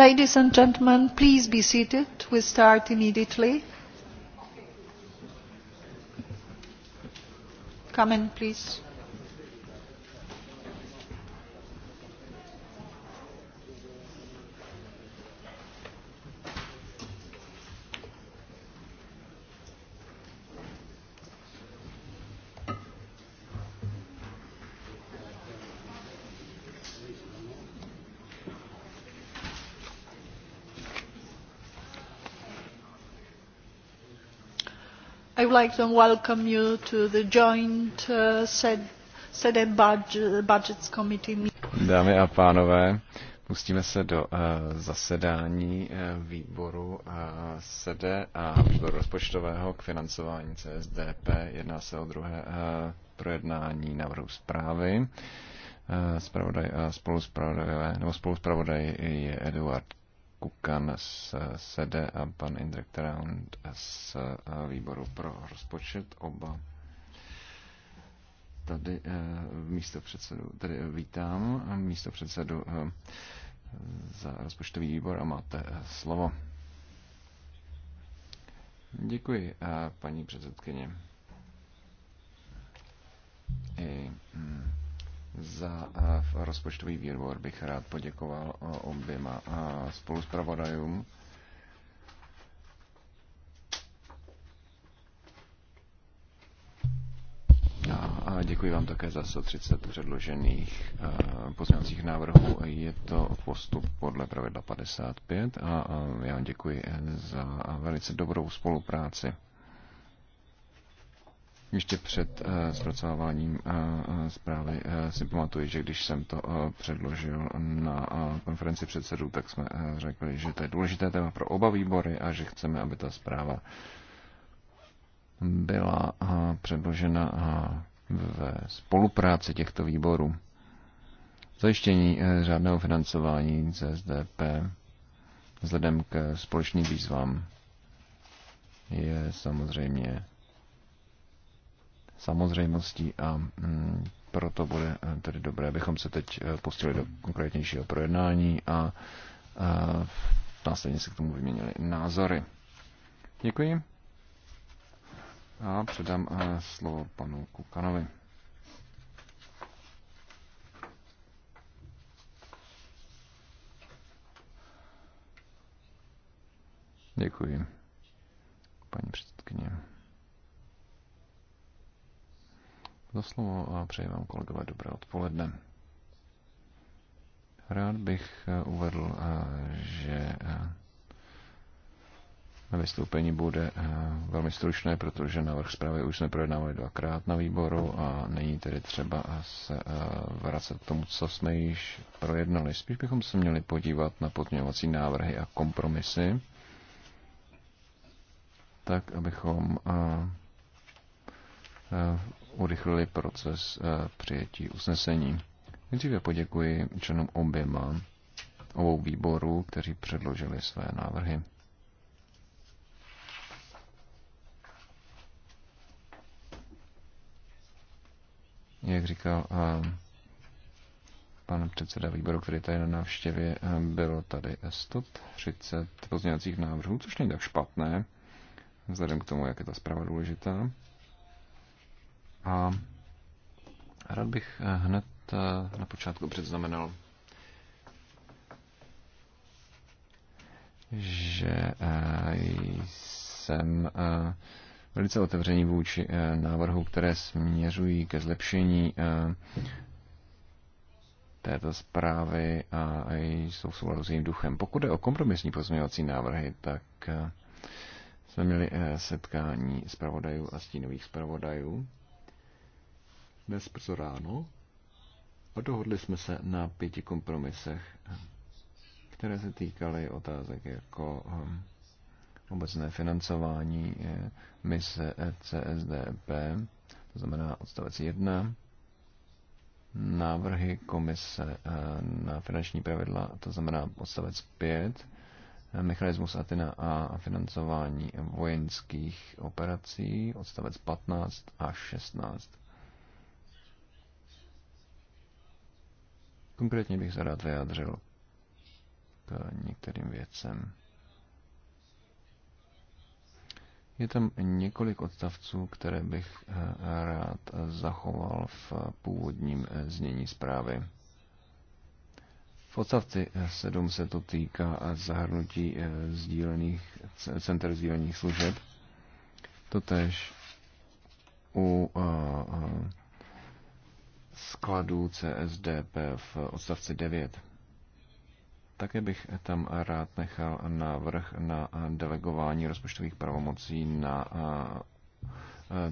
Ladies and gentlemen, please be seated. We start immediately. Come in, please. would like to welcome you to the joint uh, SEDE budget, Budgets Committee meeting. Dámy a pánové, pustíme se do uh, zasedání uh, výboru uh, SEDE a výboru rozpočtového k financování CSDP. Jedná se o druhé uh, projednání návrhu zprávy. Uh, spravodaj a spoluzpravodajové, nebo spoluzpravodaj je Eduard Kukan z SEDE a pan Indrek Traund z eh, výboru pro rozpočet. Oba tady eh, místo předsedu, tady eh, vítám místo předsedu za rozpočtový výbor a máte slovo. Děkuji, paní předsedkyně. I, hmm za eh, rozpočtový výbor bych rád poděkoval eh, oběma eh, spoluzpravodajům. A děkuji vám také za 130 předložených pozměňovacích návrhů. Je to postup podle pravidla 55 a já děkuji za velice dobrou spolupráci. Ještě před eh, zpracováváním eh, eh, zprávy si pamatuju, že když jsem to předložil na konferenci předsedů, tak jsme řekli, že to je důležité téma pro oba výbory a že chceme, aby ta zpráva byla předložena ve spolupráci těchto výborů. Zajištění řádného financování CSDP vzhledem k společným výzvám je samozřejmě samozřejmostí a mm, proto bude eh, tedy dobré, abychom se teď eh, pustili do konkrétnějšího projednání a, a eh, následně se k tomu vyměnili názory. Děkuji. A předám slovo panu Kukanovi. Děkuji, paní předsedkyně. za slovo a přeji vám, kolegové, dobré odpoledne. Rád bych eh, uvedl, eh, že na eh, vystoupení bude velmi stručné, protože návrh zprávy už jsme projednávali dvakrát na výboru a není tedy třeba se vracet k tomu, co jsme již projednali. Spíš bychom se měli podívat na podměňovací návrhy a kompromisy, tak abychom Eh, urychlili proces eh, přijetí usnesení. Nejdříve poděkuji členům oběma obou výborů, kteří předložili své návrhy. Jak říkal eh, pan předseda výboru, který tady na návštěvě, bylo tady 130 pozměňovacích návrhů, což není tak špatné, vzhledem k tomu, jak je ta zpráva důležitá. A rád bych eh, hned eh, na počátku předznamenal, že eh, jsem velice otevřený vůči návrhu, které směřují ke zlepšení této zprávy a jsou v souladu s jejím duchem. Pokud je o kompromisní pozměňovací návrhy, tak jsme měli setkání zpravodajů a stínových zpravodajů dnes brzo ráno a dohodli jsme se na pěti kompromisech, které se týkaly otázek jako hm, obecné financování eh, mise CSDP, to znamená odstavec 1, návrhy komise eh, na finanční pravidla, to znamená odstavec 5, eh, mechanismus Atina a financování vojenských operací, odstavec 15 a 16. Konkrétně bych se rád vyjádřil k některým věcem. Je tam několik odstavců, které bych eh, rád zachoval v původním eh, znění zprávy. V odstavci 7 eh, se to týká zahrnutí sdílených, center sdílených služeb. Totež u nákladů CSDP v odstavci 9. Také bych tam rád nechal návrh na delegování rozpočtových pravomocí na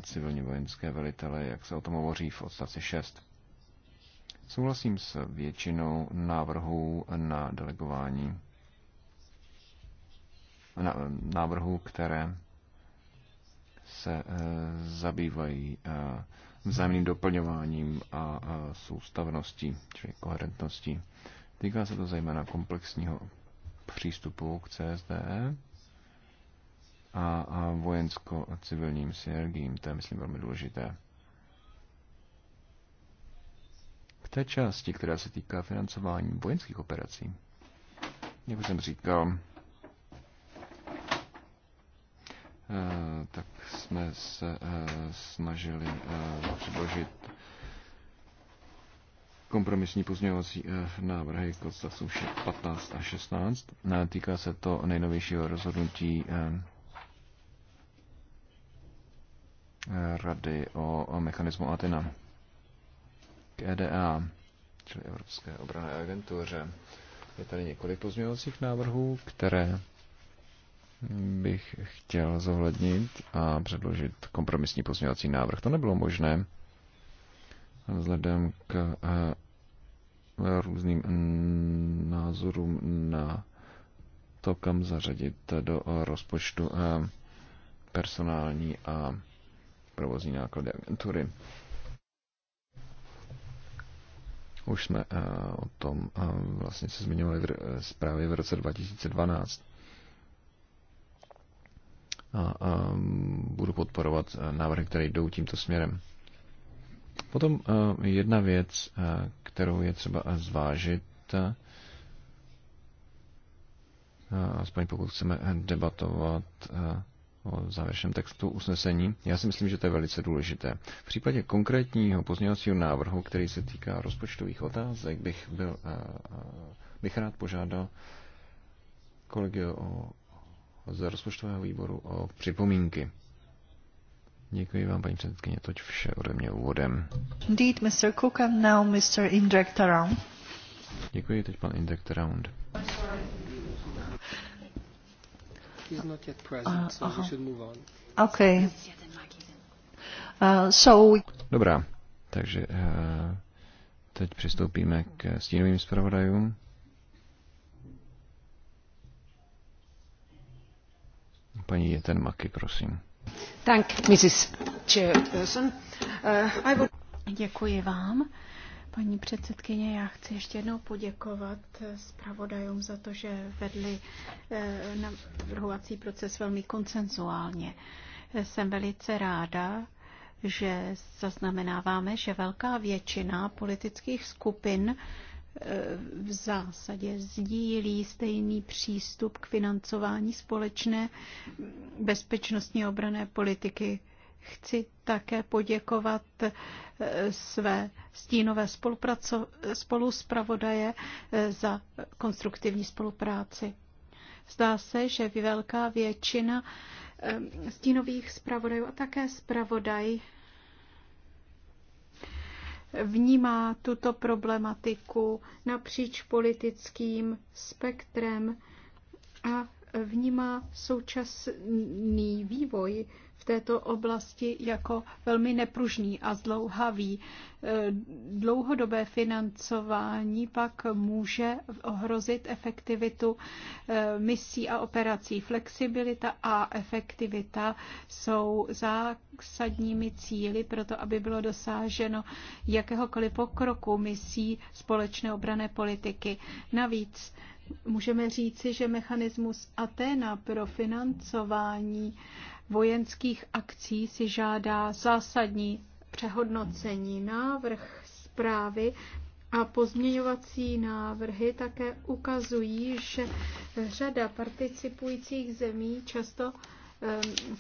civilně vojenské velitele, jak se o tom hovoří v odstavci 6. Souhlasím s většinou návrhů na delegování na, návrhů, které se e, zabývají e, vzájemným doplňováním a soustavností, čili koherentností. Týká se to zejména komplexního přístupu k CSD e a, a vojensko-civilním synergiím. To je, myslím, velmi důležité. K té části, která se týká financování vojenských operací, jak už jsem říkal, tak jsme se eh, snažili eh, předložit kompromisní pozměňovací eh, návrhy k odstavcům 15 a 16. Týká se to nejnovějšího rozhodnutí Rady o mechanismu Atena k EDA, čili Evropské obrané agentuře. Je tady několik pozměňovacích návrhů, které bych chtěl zohlednit a předložit kompromisní pozměňovací návrh. To nebylo možné vzhledem k eh, různým názorům na to, kam zařadit do rozpočtu eh, personální a provozní náklady agentury. Už jsme eh, o tom vlastně se zmiňovali v zprávě v roce 2012 a, a budu podporovat eh, návrhy, které jdou tímto směrem. Potom eh, jedna věc, eh, kterou je třeba zvážit, aspoň pokud chceme debatovat o závěrečném textu usnesení. Já si myslím, že to je velice důležité. V případě konkrétního pozměňovacího návrhu, který se týká rozpočtových otázek, bych, byl, bych rád požádal kolegy o z rozpočtového výboru o připomínky. Děkuji vám, paní předsedkyně, toť vše ode mě úvodem. Indeed, Mr. Cook and now Mr. Indrek Taround. Děkuji, teď pan Indrek Taround. He's not yet uh, present, so we uh-huh. should move on. Okay. Uh, so... Dobrá, takže uh, teď přistoupíme k stínovým zpravodajům. Paní Jeten Maky, prosím. Thank, Mrs. Chairperson. Uh, I would... Děkuji vám. Paní předsedkyně, já chci ještě jednou poděkovat eh, zpravodajům za to, že vedli eh, navrhovací proces velmi konsenzuálně. Jsem velice ráda, že zaznamenáváme, že velká většina politických skupin v zásadě sdílí stejný přístup k financování společné bezpečnostní obrané politiky. Chci také poděkovat eh, své stínové zpravodaje eh, za konstruktivní spolupráci. Zdá se, že velká většina eh, stínových zpravodajů a také zpravodaj vnímá tuto problematiku napříč politickým spektrem a vnímá současný vývoj této oblasti jako velmi nepružný a zdlouhavý. E, dlouhodobé financování pak může ohrozit efektivitu e, misí a operací. Flexibilita a efektivita jsou zásadními cíly pro to, aby bylo dosáženo jakéhokoliv pokroku misí společné obrané politiky. Navíc můžeme říci, že mechanismus Atena pro financování vojenských akcí si žádá zásadní přehodnocení. Návrh zprávy a pozměňovací návrhy také ukazují, že řada participujících zemí často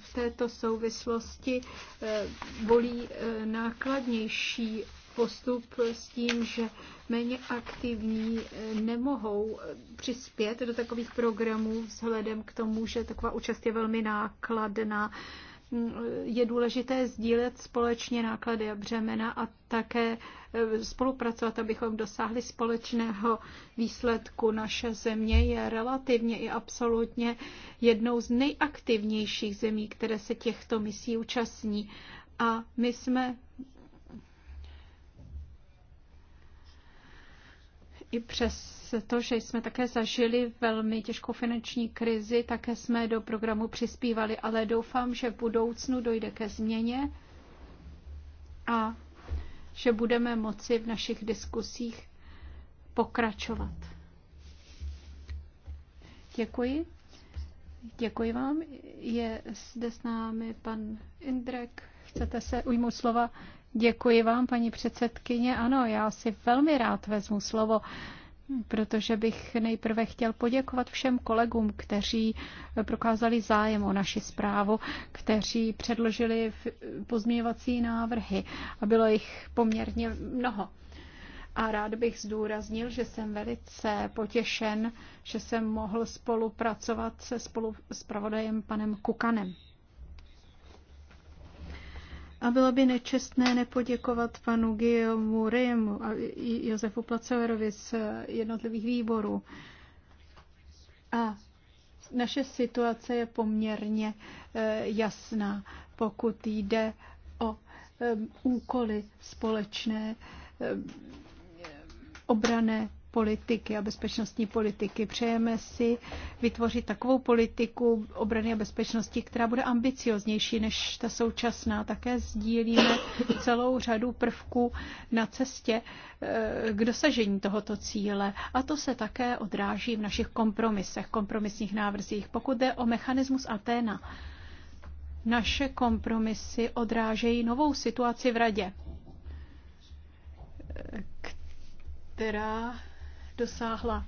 v této souvislosti volí nákladnější postup s tím, že méně aktivní eh, nemohou eh, přispět do takových programů vzhledem k tomu, že taková účast je velmi nákladná mm, eh, je důležité sdílet společně náklady a břemena a také spolupracovat, abychom dosáhli společného výsledku. Naše země je relativně i absolutně jednou z nejaktivnějších zemí, které se těchto misí účastní. A my jsme i přes to, že jsme také zažili velmi těžkou finanční krizi, také jsme do programu přispívali, ale doufám, že v budoucnu dojde ke změně a že budeme moci v našich diskusích pokračovat. Děkuji. Děkuji vám. Je zde s námi pan Indrek. Chcete se ujmout slova? Děkuji vám, paní předsedkyně. Ano, já si velmi rád vezmu slovo, protože bych nejprve chtěl poděkovat všem kolegům, kteří prokázali zájem o naši zprávu, kteří předložili pozměňovací návrhy a bylo jich poměrně mnoho. A rád bych zdůraznil, že jsem velice potěšen, že jsem mohl spolupracovat se spolu s panem Kukanem. A bylo by nečestné nepoděkovat panu Guillaume Rimu a Josefu Placeverovi z jednotlivých výborů. A naše situace je poměrně e, jasná, pokud jde o e, úkoly společné e, obrané politiky a bezpečnostní politiky. Přejeme si vytvořit takovou politiku obrany a bezpečnosti, která bude ambicioznější než ta současná. Také sdílíme celou řadu prvků na cestě eh, k dosažení tohoto cíle. A to se také odráží v našich kompromisech, kompromisních návrzích. Pokud jde o mechanismus Aténa, naše kompromisy odrážejí novou situaci v radě, která dosáhla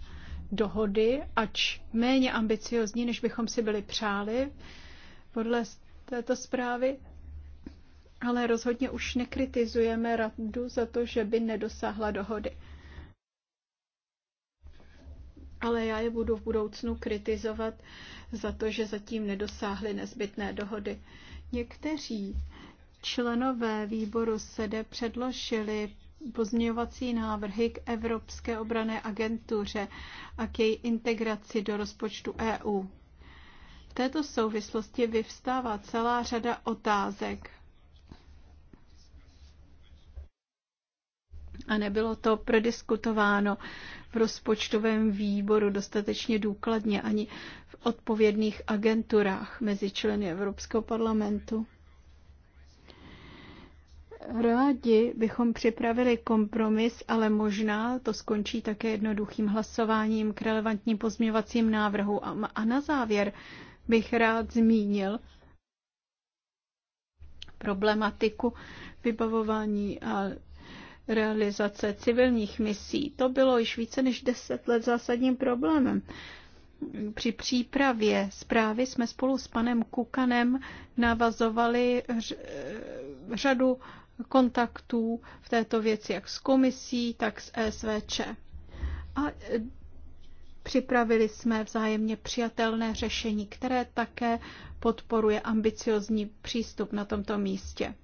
dohody, ač méně ambiciozní, než bychom si byli přáli podle této zprávy, ale rozhodně už nekritizujeme radu za to, že by nedosáhla dohody. Ale já je budu v budoucnu kritizovat za to, že zatím nedosáhly nezbytné dohody. Někteří členové výboru SEDE předložili pozměňovací návrhy k Evropské obrané agentuře a k její integraci do rozpočtu EU. V této souvislosti vyvstává celá řada otázek. A nebylo to prodiskutováno v rozpočtovém výboru dostatečně důkladně ani v odpovědných agenturách mezi členy Evropského parlamentu. Rádi bychom připravili kompromis, ale možná to skončí také jednoduchým hlasováním k relevantním pozměvacím návrhu. A na závěr bych rád zmínil problematiku vybavování a realizace civilních misí. To bylo již více než deset let zásadním problémem. Při přípravě zprávy jsme spolu s panem Kukanem navazovali řadu kontaktů v této věci jak s komisí, tak s ESVČ. A e, připravili jsme vzájemně přijatelné řešení, které také podporuje ambiciozní přístup na tomto místě.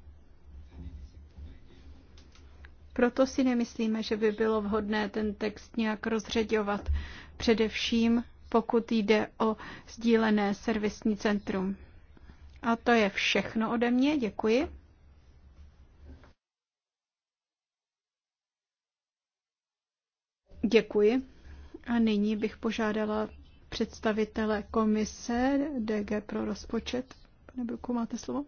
Proto si nemyslíme, že by bylo vhodné ten text nějak rozředovat, především pokud jde o sdílené servisní centrum. A to je všechno ode mě, děkuji. Děkuji. A nyní bych požádala představitele komise DG pro rozpočet. Pane Bruku, máte slovo?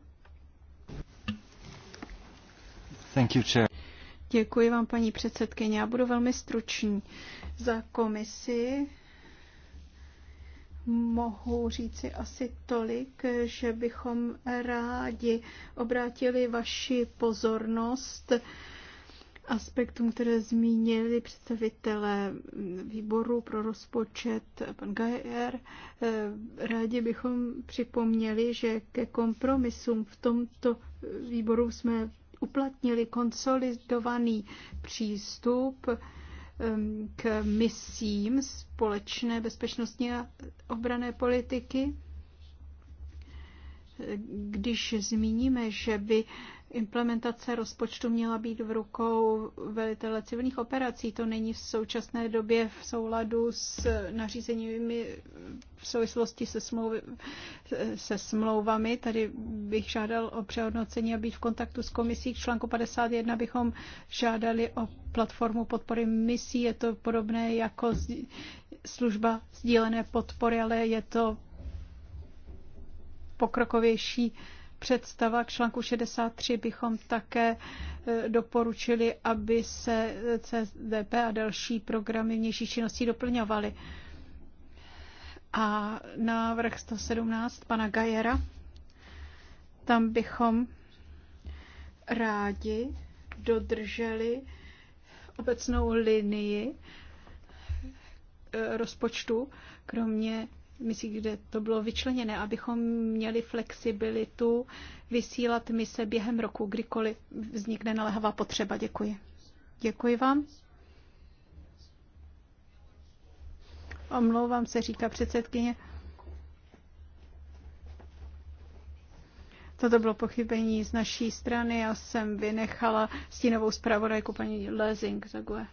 Thank you, chair. Děkuji vám, paní předsedkyně. Já budu velmi stručný. Za komisi mohu říci asi tolik, že bychom rádi obrátili vaši pozornost aspektům, které zmínili představitelé výboru pro rozpočet pan Gajer. Eh, rádi bychom připomněli, že ke kompromisům v tomto výboru jsme uplatnili konsolidovaný přístup ehm, k misím společné bezpečnostní a obrané politiky. Eh, když zmíníme, že by implementace rozpočtu měla být v rukou velitele civilních operací. To není v současné době v souladu s nařízeními v souvislosti se, smlouvy, se smlouvami. Tady bych žádal o přehodnocení a být v kontaktu s komisí. K článku 51 bychom žádali o platformu podpory misí. Je to podobné jako služba sdílené podpory, ale je to pokrokovější představa k článku 63 bychom také e, doporučili, aby se CDP a další programy vnější činností doplňovaly. A návrh 117 pana Gajera, tam bychom rádi dodrželi obecnou linii e, rozpočtu, kromě misí, kde to bylo vyčleněné, abychom měli flexibilitu vysílat mise během roku, kdykoliv vznikne naléhavá potřeba. Děkuji. Děkuji vám. Omlouvám se, říká předsedkyně. Toto bylo pochybení z naší strany. Já jsem vynechala stínovou zpravodajku paní Lezing. Zague.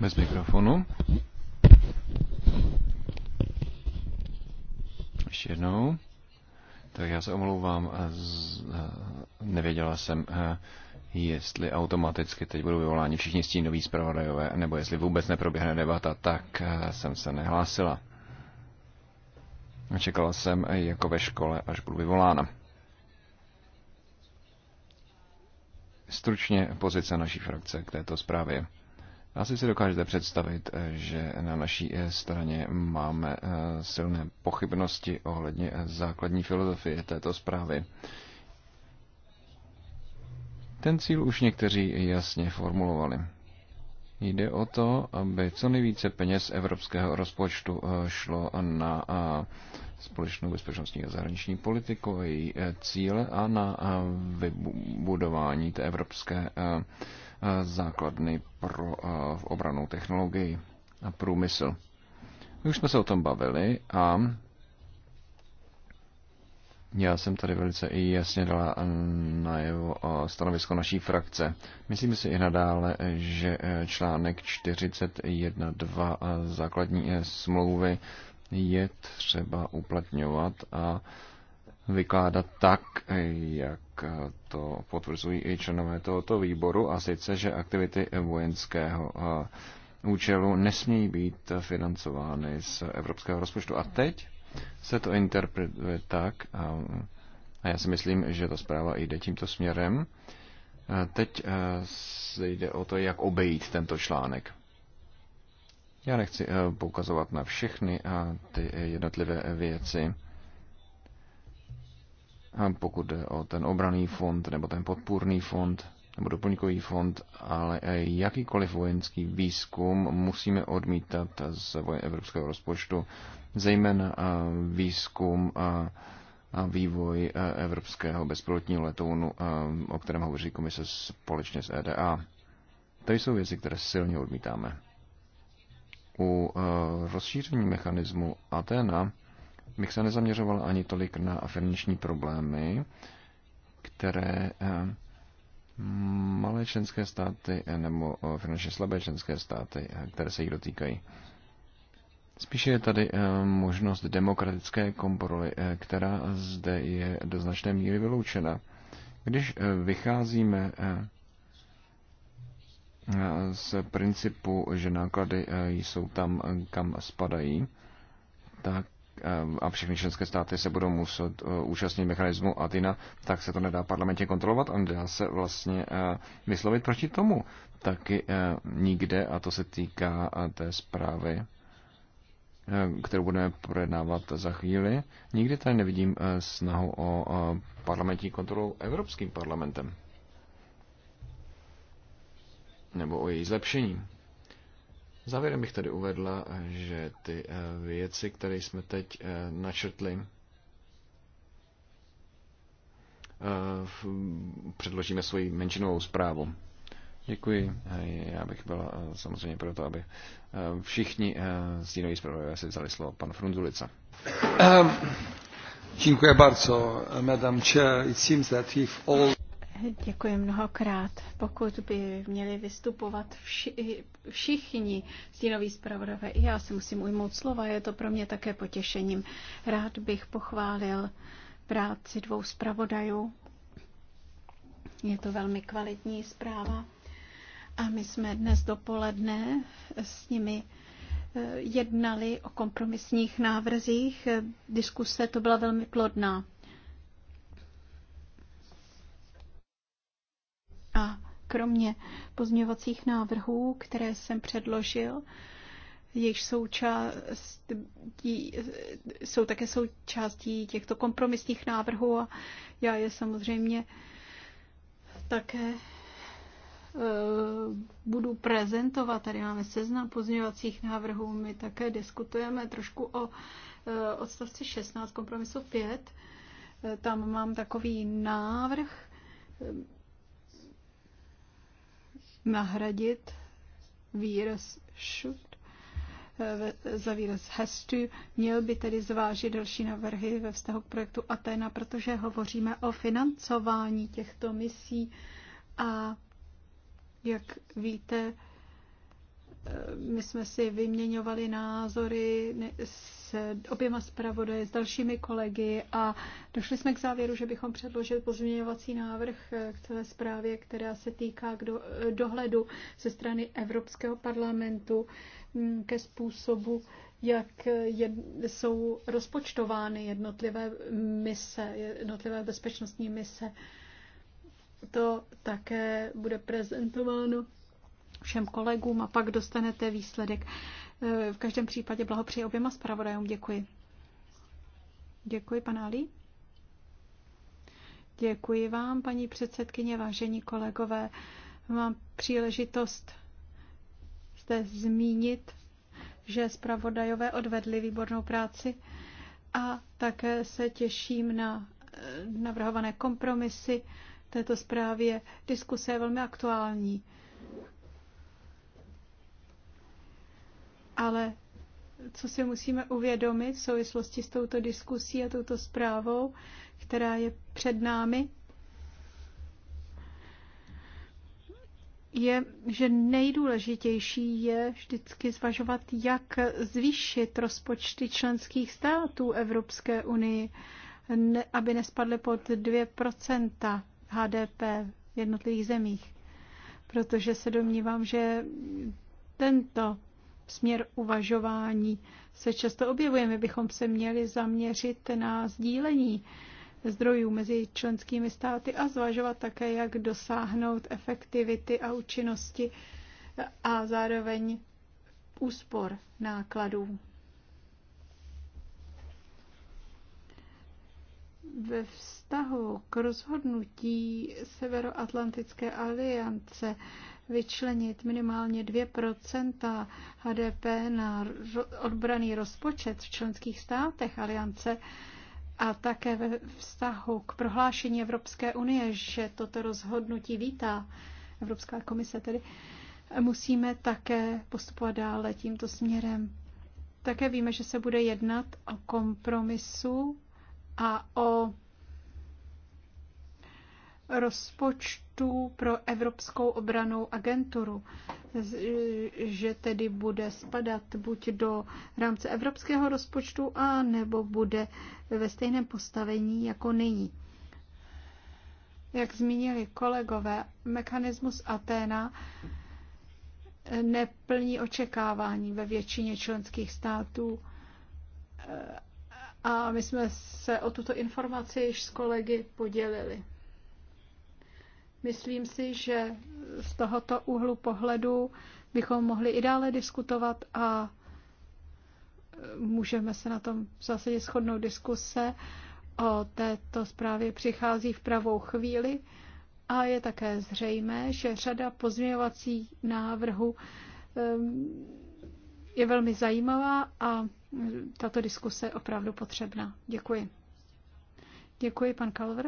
Bez mikrofonu. ještě jednou. Tak já se omlouvám, eh, z, eh, nevěděla jsem, eh, jestli automaticky teď budou vyvoláni všichni stínoví zpravodajové, nebo jestli vůbec neproběhne debata, tak jsem se nehlásila. Čekala jsem jako ve škole, až budu vyvolána. Stručně pozice naší frakce k této zprávě. Asi si dokážete představit, eh, že na naší eh, straně máme eh, silné pochybnosti ohledně základní filozofie této zprávy. Ten cíl už někteří jasně formulovali. Jde o to, aby co nejvíce peněz evropského rozpočtu šlo na společnou bezpečnostní a zahraniční politiku, její cíle a na vybudování té evropské základny pro eh, obranou technologii a průmysl. My už jsme se o tom bavili a já jsem tady velice i jasně dala na jeho eh, stanovisko naší frakce. Myslím si i nadále, že eh, článek 41.2 základní smlouvy je třeba uplatňovat a vykládat tak, jak to potvrzují i členové tohoto výboru, a sice, že aktivity vojenského eh, účelu nesmějí být financovány z evropského rozpočtu. A teď se to interpretuje tak, eh, a já si myslím, že ta zpráva jde tímto směrem. Eh, teď se jde o to, jak obejít tento článek. Já nechci poukazovat na všechny ty jednotlivé věci pokud jde o ten obraný fond nebo ten podpůrný fond nebo doplňkový fond, ale jakýkoliv vojenský výzkum musíme odmítat z evropského rozpočtu, zejména výzkum a vývoj evropského bezpilotního letounu, o kterém hovoří komise společně s EDA. To jsou věci, které silně odmítáme. U rozšíření mechanismu Atena bych se nezaměřoval ani tolik na finanční problémy, které eh, malé členské státy eh, nebo eh, finančně slabé členské státy, které se jich dotýkají. Spíše je tady možnost demokratické kontroly, která zde je do značné míry vyloučena. Když vycházíme z principu, že náklady jsou tam, kam spadají, tak Ehm, a všechny členské státy se budou muset eh, účastnit mechanismu Atina, tak se to nedá parlamentě kontrolovat a nedá se vlastně eh, vyslovit proti tomu. Taky eh, nikde, a to se týká té zprávy, kterou budeme projednávat za chvíli, nikdy tady nevidím snahu o parlamentní kontrolu Evropským parlamentem. Nebo o její zlepšení. Závěrem bych tady uvedla, že ty eh, věci, které jsme teď eh, načrtli, eh, předložíme svoji menšinovou zprávu. Děkuji. Já bych byl samozřejmě pro to, aby všichni stínoví zprávy si vzali slovo pan Frunzulica. Ehm, Děkuji bardzo, madam chair. It seems that if all... Děkuji mnohokrát. Pokud by měli vystupovat vši, všichni stínoví zpravodové, já se musím ujmout slova, je to pro mě také potěšením. Rád bych pochválil práci dvou zpravodajů. Je to velmi kvalitní zpráva. A my jsme dnes dopoledne s nimi eh, jednali o kompromisních návrzích. Diskuse to byla velmi plodná. kromě pozměvacích návrhů, které jsem předložil, jejich součástí, jsou také součástí těchto kompromisních návrhů a já je samozřejmě také eh, budu prezentovat. Tady máme seznam pozměňovacích návrhů. My také diskutujeme trošku o eh, odstavci 16 kompromisu 5. Eh, tam mám takový návrh, nahradit výraz should eh, za výraz has to. Měl by tedy zvážit další navrhy ve vztahu k projektu Atena, protože hovoříme o financování těchto misí a jak víte, Eh, my jsme si vyměňovali názory s oběma zpravodaji, s dalšími kolegy a došli jsme k závěru, že bychom předložili pozměňovací návrh eh, k celé zprávě, která se týká do, eh, dohledu ze strany Evropského parlamentu hm, ke způsobu, jak jed, jsou rozpočtovány jednotlivé mise, jednotlivé bezpečnostní mise. To také bude prezentováno všem kolegům a pak dostanete výsledek. E, v každém případě blahopřeji oběma zpravodajům. Děkuji. Děkuji, pan Ali. Děkuji vám, paní předsedkyně, vážení kolegové. Mám příležitost zde zmínit, že zpravodajové odvedli výbornou práci a také se těším na e, navrhované kompromisy této zprávě. Diskuse je velmi aktuální Ale co si musíme uvědomit v souvislosti s touto diskusí a touto zprávou, která je před námi, je, že nejdůležitější je vždycky zvažovat, jak zvýšit rozpočty členských států Evropské unii, ne, aby nespadly pod 2 HDP v jednotlivých zemích. Protože se domnívám, že tento směr uvažování se často objevuje. My bychom se měli zaměřit na sdílení zdrojů mezi členskými státy a zvažovat také, jak dosáhnout efektivity a účinnosti a zároveň úspor nákladů. Ve vztahu k rozhodnutí Severoatlantické aliance vyčlenit minimálně 2 HDP na odbraný rozpočet v členských státech aliance a také ve vztahu k prohlášení Evropské unie, že toto rozhodnutí vítá Evropská komise, tedy musíme také postupovat dále tímto směrem. Také víme, že se bude jednat o kompromisu a o rozpočtu pro Evropskou obranou agenturu, že tedy bude spadat buď do rámce evropského rozpočtu, a nebo bude ve stejném postavení jako nyní. Jak zmínili kolegové, mechanismus Aténa neplní očekávání ve většině členských států a my jsme se o tuto informaci již s kolegy podělili. Myslím si, že z tohoto úhlu pohledu bychom mohli i dále diskutovat a můžeme se na tom v zásadě shodnout diskuse o této zprávě přichází v pravou chvíli a je také zřejmé, že řada pozměňovací návrhů ehm, je velmi zajímavá a tato diskuse je opravdu potřebná. Děkuji. Děkuji, pan Kalver.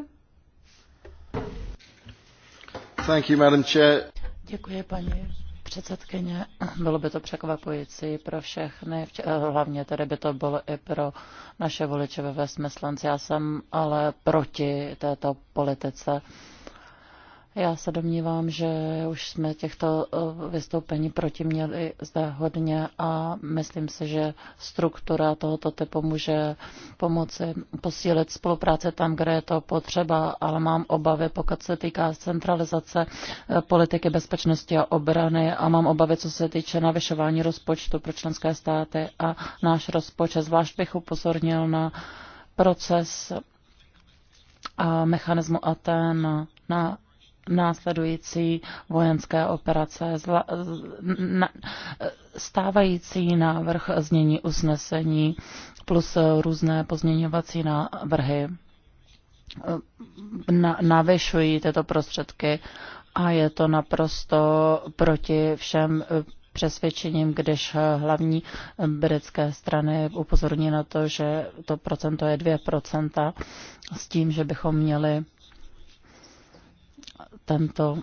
Thank you, Madam Chair. Děkuji, paní předsedkyně. Bylo by to překvapující pro všechny, eh, hlavně tedy by to bylo i pro naše voliče ve Westmithlands. Já jsem ale proti této politice já se domnívám, že už jsme těchto eh, vystoupení proti měli zde hodně a myslím si, že struktura tohoto typu může pomoci posílit spolupráce tam, kde je to potřeba, ale mám obavy, pokud se týká centralizace eh, politiky bezpečnosti a obrany a mám obavy, co se týče navyšování rozpočtu pro členské státy a náš rozpočet. Zvlášť bych upozornil na proces a mechanismu Aten na následující vojenské operace. Zla, na, stávající návrh znění usnesení plus různé pozměňovací návrhy eh, na, navyšují tyto prostředky a je to naprosto proti všem eh, přesvědčením, když hlavní eh, britské strany upozorní na to, že to procento je 2% s tím, že bychom měli tento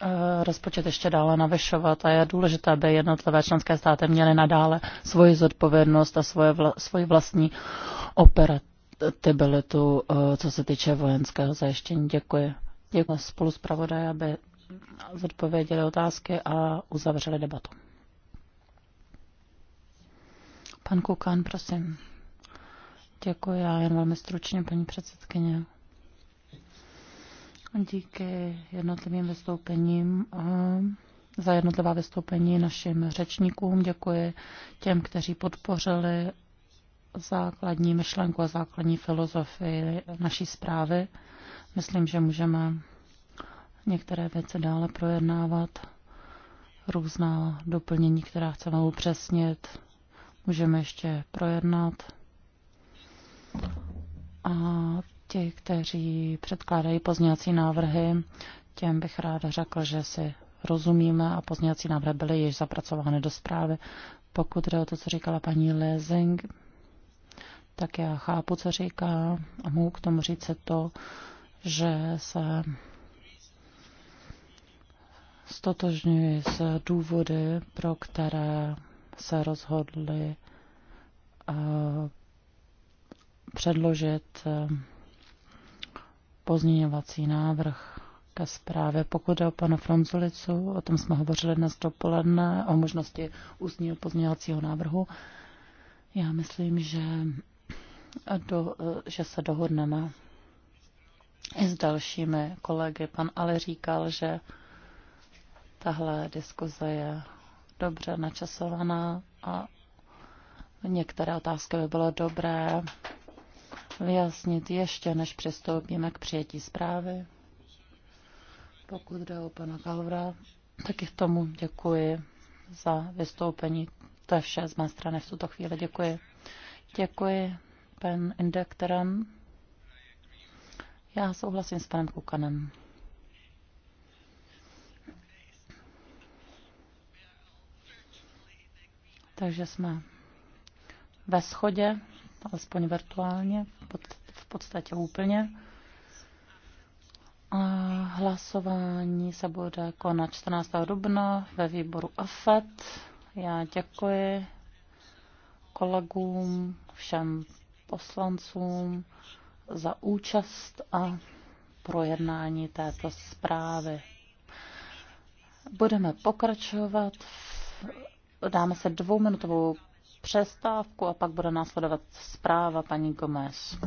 eh, rozpočet ještě dále navyšovat a je důležité, aby jednotlivé členské státy měly nadále svoji zodpovědnost a svoje vla, svoji vlastní operativitu, eh, co se týče vojenského zajištění. Děkuji. Děkuji spolu zpravodaj, aby zodpověděli otázky a uzavřeli debatu. Pan Kukán, prosím. Děkuji, já jen velmi stručně, paní předsedkyně. Díky jednotlivým vystoupením eh, za jednotlivá vystoupení našim řečníkům. Děkuji těm, kteří podpořili základní myšlenku a základní filozofii naší zprávy. Myslím, že můžeme některé věci dále projednávat, různá doplnění, která chceme upřesnit, můžeme ještě projednat. A Ti, kteří předkládají pozněcí návrhy, těm bych ráda řekl, že si rozumíme a pozněcí návrhy byly již zapracovány do zprávy. Pokud jde o to, co říkala paní Lezing, tak já chápu, co říká a mohu k tomu říct se to, že se stotožňuji s důvody, pro které se rozhodli eh, předložit eh, pozměňovací návrh ke zprávě. Pokud jde o pana Franzulicu, o tom jsme hovořili dnes dopoledne, o možnosti ústního pozměňovacího návrhu. Já myslím, že, do, že se dohodneme i s dalšími kolegy. Pan Ale říkal, že tahle diskuze je dobře načasovaná a některé otázky by bylo dobré vyjasnit ještě, než přistoupíme k přijetí zprávy. Pokud jde o pana Kalvra, tak i tomu děkuji za vystoupení. To je vše z mé strany v tuto chvíli. Děkuji. Děkuji, pan Indekteran. Já souhlasím s panem Kukanem. Takže jsme ve shodě alespoň virtuálně, v podstatě úplně. A hlasování se bude konat 14. dubna ve výboru AFET. Já děkuji kolegům, všem poslancům za účast a projednání této zprávy. Budeme pokračovat. Dáme se dvouminutovou přestávku a pak bude následovat zpráva paní Gomez.